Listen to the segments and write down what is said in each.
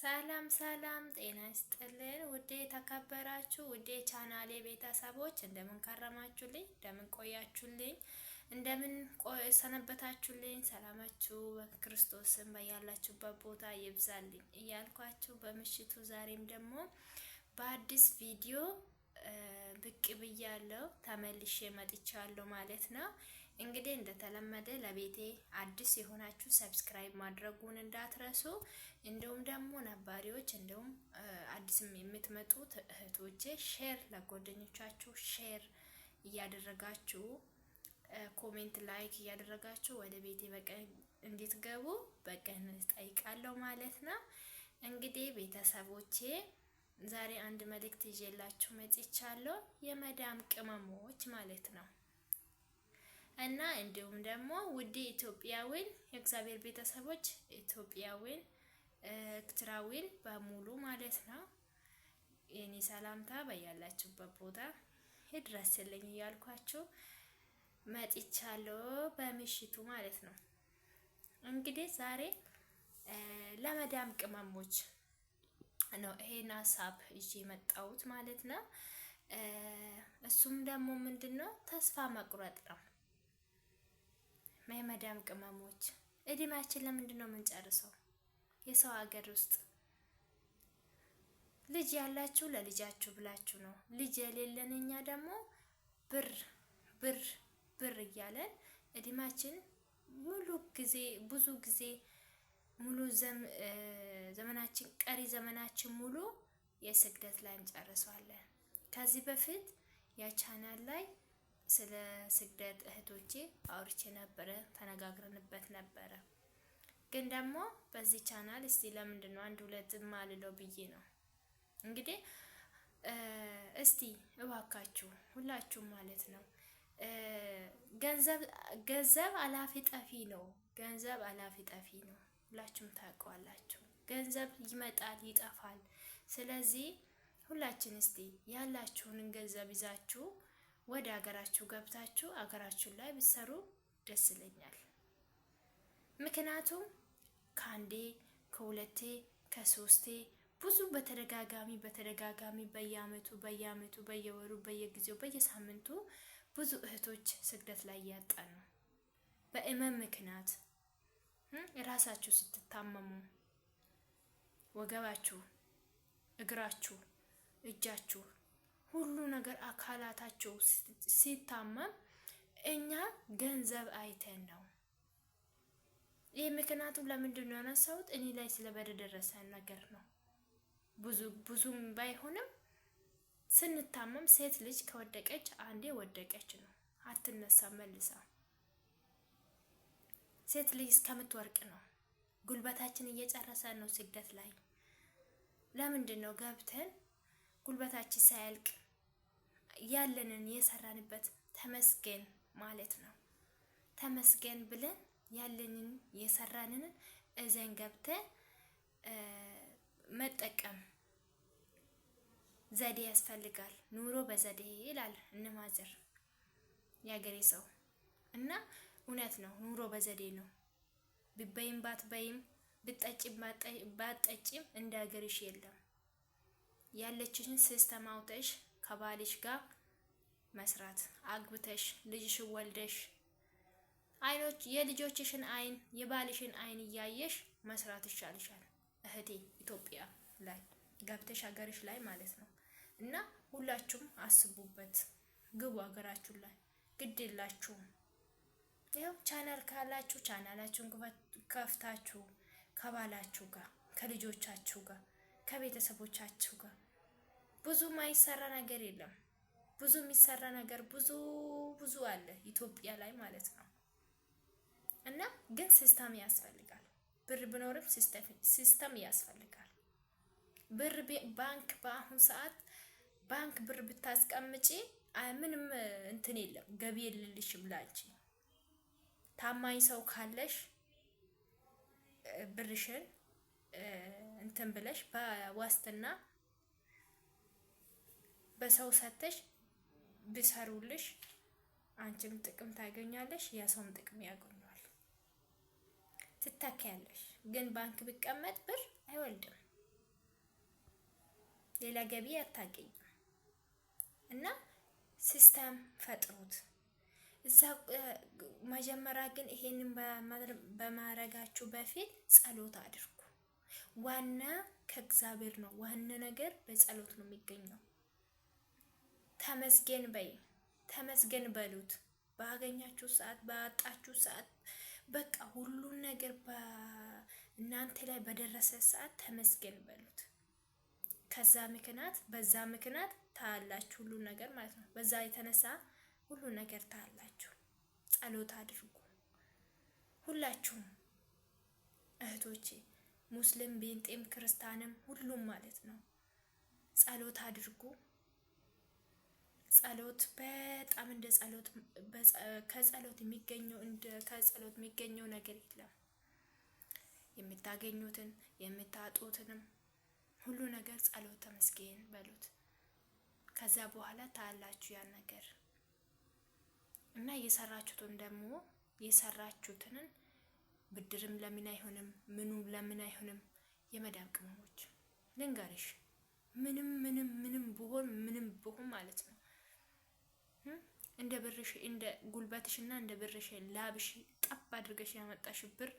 ሰላም ሰላም፣ ጤና ይስጥልን ውዴ የተከበራችሁ ውዴ ቻናሌ ቤተሰቦች እንደምን ከረማችሁልኝ? እንደምን ቆያችሁልኝ? እንደምን ሰነበታችሁልኝ? ሰላማችሁ በክርስቶስም በያላችሁበት ቦታ ይብዛልኝ እያልኳችሁ በምሽቱ ዛሬም ደግሞ በአዲስ ቪዲዮ ብቅ ብያለሁ፣ ተመልሼ መጥቻለሁ ማለት ነው። እንግዲህ እንደተለመደ ለቤቴ አዲስ የሆናችሁ ሰብስክራይብ ማድረጉን እንዳትረሱ፣ እንዲሁም ደግሞ ነባሪዎች፣ እንዲሁም አዲስም የምትመጡት እህቶቼ ሼር ለጓደኞቻችሁ ሼር እያደረጋችሁ ኮሜንት ላይክ እያደረጋችሁ ወደ ቤቴ በቀን እንድትገቡ በቀን ጠይቃለሁ ማለት ነው። እንግዲህ ቤተሰቦቼ ዛሬ አንድ መልእክት ይዤላችሁ መጥቻለሁ። የመዳም ቅመሞች ማለት ነው እና እንዲሁም ደግሞ ውድ ኢትዮጵያዊን የእግዚአብሔር ቤተሰቦች ኢትዮጵያዊን ኤርትራዊን በሙሉ ማለት ነው የኔ ሰላምታ በያላችሁበት ቦታ ይድረስልኝ እያልኳችሁ መጥቻለሁ በምሽቱ ማለት ነው። እንግዲህ ዛሬ ለመዳም ቅመሞች ነው ይሄን ሀሳብ እጅ የመጣሁት ማለት ነው። እሱም ደግሞ ምንድን ነው ተስፋ መቁረጥ ነው። የመዳም ቅመሞች እድሜያችን ለምንድን ነው የምንጨርሰው? የሰው ሀገር ውስጥ ልጅ ያላችሁ ለልጃችሁ ብላችሁ ነው። ልጅ የሌለን እኛ ደግሞ ብር ብር ብር እያለን እድሜያችን ሙሉ ጊዜ ብዙ ጊዜ ሙሉ ዘመናችን ቀሪ ዘመናችን ሙሉ የስግደት ላይ እንጨርሰዋለን። ከዚህ በፊት የቻናል ላይ ስለ ስግደት እህቶቼ አውርቼ ነበረ፣ ተነጋግረንበት ነበረ። ግን ደግሞ በዚህ ቻናል እስቲ ለምንድን ነው አንድ ሁለት ማልለው ብዬ ነው እንግዲህ እስቲ እባካችሁ ሁላችሁም ማለት ነው ገንዘብ ገንዘብ አላፊ ጠፊ ነው። ገንዘብ አላፊ ጠፊ ነው። ሁላችሁም ታውቀዋላችሁ። ገንዘብ ይመጣል ይጠፋል። ስለዚህ ሁላችን እስቲ ያላችሁንን ገንዘብ ይዛችሁ ወደ ሀገራችሁ ገብታችሁ አገራችሁ ላይ ብትሰሩ ደስ ይለኛል። ምክንያቱም ከአንዴ ከሁለቴ ከሶስቴ ብዙ በተደጋጋሚ በተደጋጋሚ በየአመቱ በየአመቱ በየወሩ በየጊዜው በየሳምንቱ ብዙ እህቶች ስግደት ላይ እያጣ ነው በእመም ምክንያት ራሳችሁ ስትታመሙ ወገባችሁ፣ እግራችሁ፣ እጃችሁ ሁሉ ነገር አካላታቸው ሲታመም እኛ ገንዘብ አይተን ነው። ይህ ምክንያቱም ለምንድን ነው ያነሳሁት? እኔ ላይ ስለበደረሰ ነገር ነው። ብዙ ብዙም ባይሆንም ስንታመም ሴት ልጅ ከወደቀች አንዴ ወደቀች ነው፣ አትነሳ መልሳ ሴት ልጅ እስከምትወርቅ ነው። ጉልበታችን እየጨረሰ ነው ስደት ላይ። ለምንድን ነው ገብተን ጉልበታችን ሳያልቅ ያለንን የሰራንበት ተመስገን ማለት ነው። ተመስገን ብለን ያለንን የሰራንን እዘን ገብተን መጠቀም ዘዴ ያስፈልጋል። ኑሮ በዘዴ ይላል እነማዘር ያገሬ ሰው እና እውነት ነው። ኑሮ በዘዴ ነው። ብበይም ባትበይም ብጠጭም ባትጠጭም እንደ ሀገርሽ የለም። ያለችሽን ሲስተም አውጥተሽ ከባልሽ ጋር መስራት አግብተሽ ልጅሽ ወልደሽ አይኖች የልጆችሽን አይን የባልሽን አይን እያየሽ መስራት ይቻልሻል። እህቴ። ኢትዮጵያ ላይ ገብተሽ ሀገርሽ ላይ ማለት ነው። እና ሁላችሁም አስቡበት፣ ግቡ ሀገራችሁ ላይ ግድ የላችሁም። ያው ቻናል ካላችሁ ቻናላችሁን ከፍታችሁ ከባላችሁ ጋር ከልጆቻችሁ ጋር ከቤተሰቦቻችሁ ጋር ብዙ ማይሰራ ነገር የለም። ብዙ የሚሰራ ነገር ብዙ ብዙ አለ ኢትዮጵያ ላይ ማለት ነው። እና ግን ሲስተም ያስፈልጋል። ብር ቢኖርም ሲስተም ያስፈልጋል። ብር ባንክ በአሁኑ ሰዓት ባንክ ብር ብታስቀምጪ ምንም እንትን የለም ገቢ የለልሽም ላንቺ ታማኝ ሰው ካለሽ ብርሽን እንትን ብለሽ በዋስትና በሰው ሰተሽ ብሰሩልሽ አንቺም ጥቅም ታገኛለሽ፣ ያ ሰውም ጥቅም ያገኛል። ትታከያለሽ። ግን ባንክ ቢቀመጥ ብር አይወልድም፣ ሌላ ገቢ አታገኝም። እና ሲስተም ፈጥሩት። እዛ መጀመሪያ ግን ይሄንን በማድረጋችሁ በፊት ጸሎት አድርጉ። ዋና ከእግዚአብሔር ነው። ዋና ነገር በጸሎት ነው የሚገኘው። ተመስገን በይ ተመስገን በሉት። ባገኛችሁ ሰዓት፣ ባጣችሁ ሰዓት፣ በቃ ሁሉን ነገር በእናንተ ላይ በደረሰ ሰዓት ተመስገን በሉት። ከዛ ምክንያት በዛ ምክንያት ታያላችሁ ሁሉን ነገር ማለት ነው። በዛ የተነሳ ሁሉ ነገር ታላችሁ። ጸሎት አድርጉ ሁላችሁም እህቶቼ፣ ሙስሊም፣ ቤንጤም፣ ክርስቲያንም ሁሉም ማለት ነው። ጸሎት አድርጉ። ጸሎት በጣም እንደ ጸሎት ከጸሎት የሚገኘው እንደ ከጸሎት የሚገኘው ነገር የለም። የምታገኙትን የምታጡትንም ሁሉ ነገር ጸሎት ተመስገን በሉት። ከዛ በኋላ ታያላችሁ ያን ነገር የሰራችሁትን ደግሞ የሰራችሁትንን ብድርም ለምን አይሆንም፣ ምኑም ለምን አይሆንም። የመዳብ ቅመሞች ልንገርሽ፣ ምንም ምንም ምንም ብሆን ምንም ብሆን ማለት ነው እንደ ብርሽ እንደ ጉልበትሽ እና እንደ ብርሽ ላብሽ ጠብ አድርገሽ ያመጣሽ ብር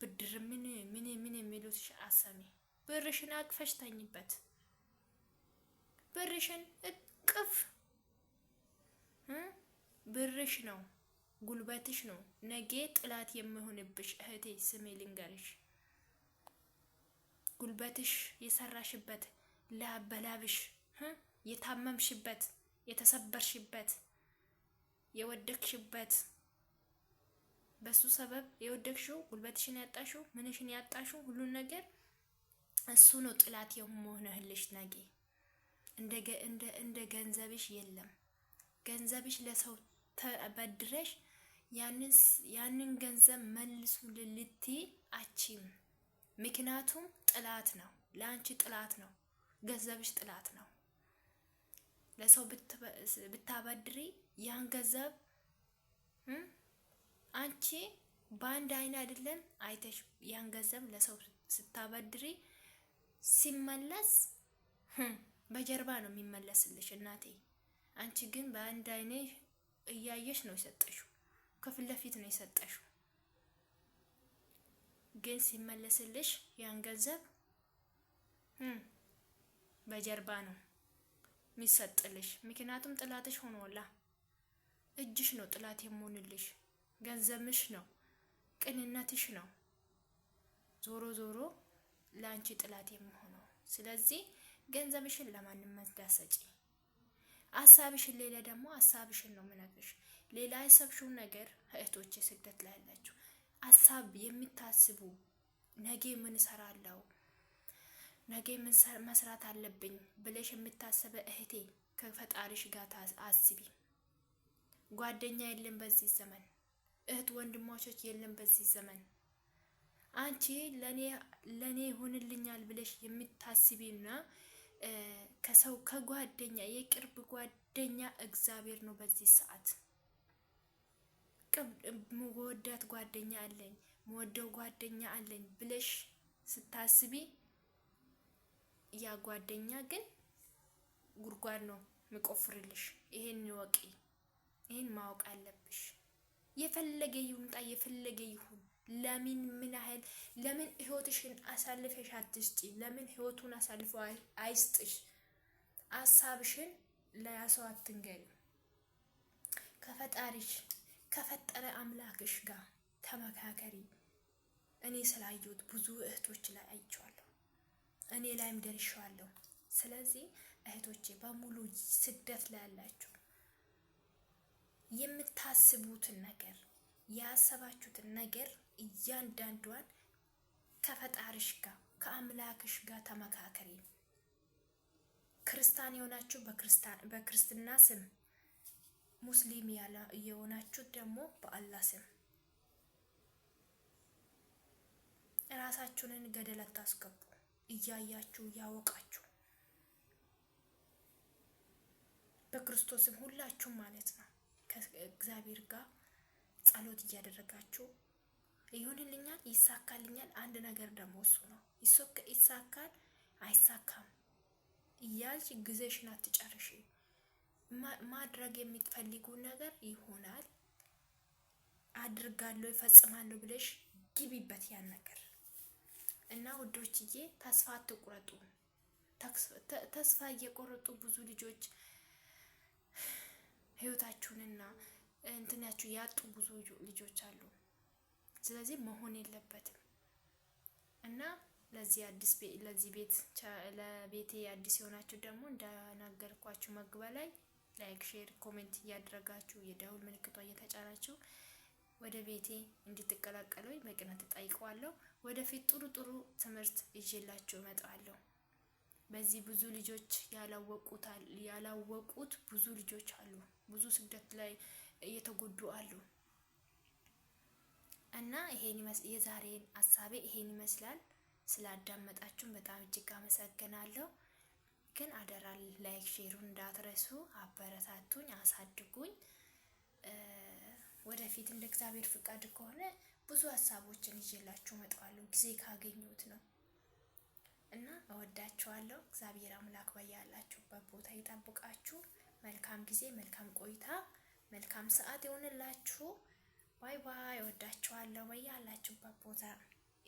ብድር ምን ምን ምን የሚሉትሽ አሰሚ ብርሽን አቅፈሽ ተኝበት። ብርሽን እቅፍ ብርሽ ነው፣ ጉልበትሽ ነው ነገ ጥላት የምሆንብሽ እህቴ። ስሜ ልንገርሽ፣ ጉልበትሽ የሰራሽበት ላበላብሽ የታመምሽበት የተሰበርሽበት የወደቅሽበት በሱ ሰበብ የወደቅሽው ጉልበትሽን ያጣሽው ምንሽን ያጣሽው ሁሉን ነገር እሱ ነው ጥላት የሆነህልሽ ነገ። እንደ ገንዘብሽ የለም ገንዘብሽ ለሰው ተበድረሽ ያንን ገንዘብ መልሱ ልልቲ አቺም። ምክንያቱም ጥላት ነው፣ ለአንቺ ጥላት ነው፣ ገንዘብሽ ጥላት ነው። ለሰው ብታበድሪ ያን ገንዘብ አንቺ በአንድ አይን አይደለም አይተሽ ያን ገንዘብ ለሰው ስታበድሪ ሲመለስ በጀርባ ነው የሚመለስልሽ እናቴ። አንቺ ግን በአንድ አይኔ እያየሽ ነው የሰጠሽው፣ ከፊት ለፊት ነው የሰጠሽው። ግን ሲመለስልሽ ያን ገንዘብ በጀርባ ነው የሚሰጥልሽ። ምክንያቱም ጥላትሽ ሆኖላ እጅሽ ነው ጥላት የምሆንልሽ። ገንዘብሽ ነው፣ ቅንነትሽ ነው ዞሮ ዞሮ ለአንቺ ጥላት የምሆነው። ስለዚህ ገንዘብሽን ለማንም መስዳ ሀሳብሽን ሌላ ደግሞ ሀሳብሽን ነው ምነግርሽ። ሌላ ያሰብሽው ነገር እህቶች ስደት ላይ ያላችሁ ሀሳብ የምታስቡ ነገ ምን እሰራለሁ፣ ነገ ምን መስራት አለብኝ ብለሽ የምታስበ እህቴ ከፈጣሪሽ ጋር አስቢ። ጓደኛ የለም በዚህ ዘመን፣ እህት ወንድሞቾች የለም በዚህ ዘመን። አንቺ ለኔ ለኔ ይሆንልኛል ብለሽ የምታስቢና ከሰው ከጓደኛ የቅርብ ጓደኛ እግዚአብሔር ነው። በዚህ ሰዓት መወዳት ጓደኛ አለኝ መወደው ጓደኛ አለኝ ብለሽ ስታስቢ ያ ጓደኛ ግን ጉድጓድ ነው ምቆፍርልሽ። ይሄን ይወቂ፣ ይሄን ማወቅ አለብሽ። የፈለገ ይምጣ፣ የፈለገ ይሁን። ለምን ምን ያህል ለምን ህይወትሽን አሳልፈሽ አትስጪ? ለምን ህይወቱን አሳልፈው አይስጥሽ? አሳብሽን ለያሰው አትንገሪ። ከፈጣሪሽ ከፈጠረ አምላክሽ ጋር ተመካከሪ። እኔ ስላየሁት ብዙ እህቶች ላይ አይቼዋለሁ፣ እኔ ላይም ደርሼዋለሁ። ስለዚህ እህቶቼ በሙሉ ስደት ላይ ያላችሁ የምታስቡትን ነገር ያሰባችሁትን ነገር እያንዳንዷን ከፈጣሪሽ ጋር ከአምላክሽ ጋር ተመካከሪ። ክርስቲያን የሆናችሁ በክርስትና ስም፣ ሙስሊም የሆናችሁ ደግሞ በአላህ ስም ራሳችሁንን ገደል አታስገቡ። እያያችሁ እያወቃችሁ በክርስቶስም ሁላችሁም ማለት ነው ከእግዚአብሔር ጋር ጸሎት እያደረጋችሁ ይሁንልኛል፣ ይሳካልኛል። አንድ ነገር ደግሞ እሱ ነው ይሳካል አይሳካም እያልሽ ጊዜሽን አትጨርሽ። ማድረግ የምትፈልጉ ነገር ይሆናል። አድርጋለሁ ይፈጽማለሁ ብለሽ ግቢበት ያን ነገር እና ውዶችዬ፣ ተስፋ አትቁረጡ። ተስፋ እየቆረጡ ብዙ ልጆች ህይወታችሁንና እንትናችሁ ያጡ ብዙ ልጆች አሉ። ስለዚህ መሆን የለበትም እና ለዚህ አዲስ ለዚህ ቤት ለቤቴ አዲስ የሆናችሁ ደግሞ እንደነገርኳችሁ መግቢያ ላይ ላይክ፣ ሼር፣ ኮሜንት እያደረጋችሁ የደውል ምልክቷ እየተጫናችሁ ወደ ቤቴ እንድትቀላቀሉ በቅናት እጠይቀዋለሁ። ወደፊት ጥሩ ጥሩ ትምህርት ይዤላችሁ እመጣለሁ። በዚህ ብዙ ልጆች ያላወቁታል ያላወቁት ብዙ ልጆች አሉ። ብዙ ስደት ላይ እየተጎዱ አሉ። እና ይሄን የዛሬን ሀሳቤ ይሄን ይመስላል። ስላዳመጣችሁን በጣም እጅግ አመሰግናለሁ። ግን አደራ ላይክ ሼሩን እንዳትረሱ፣ አበረታቱኝ፣ አሳድጉኝ። ወደፊት እንደ እግዚአብሔር ፍቃድ ከሆነ ብዙ ሀሳቦችን ይዤላችሁ እመጣለሁ ጊዜ ካገኙት ነው እና እወዳችኋለሁ። እግዚአብሔር አምላክ በያላችሁበት ቦታ ይጠብቃችሁ። መልካም ጊዜ፣ መልካም ቆይታ፣ መልካም ሰዓት ይሆንላችሁ። ባይ ባይ። እወዳችኋለሁ በያላችሁበት ቦታ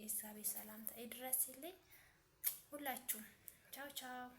የሳቤ ሰላምታ ይድረስልኝ። ሁላችሁም ቻው ቻው።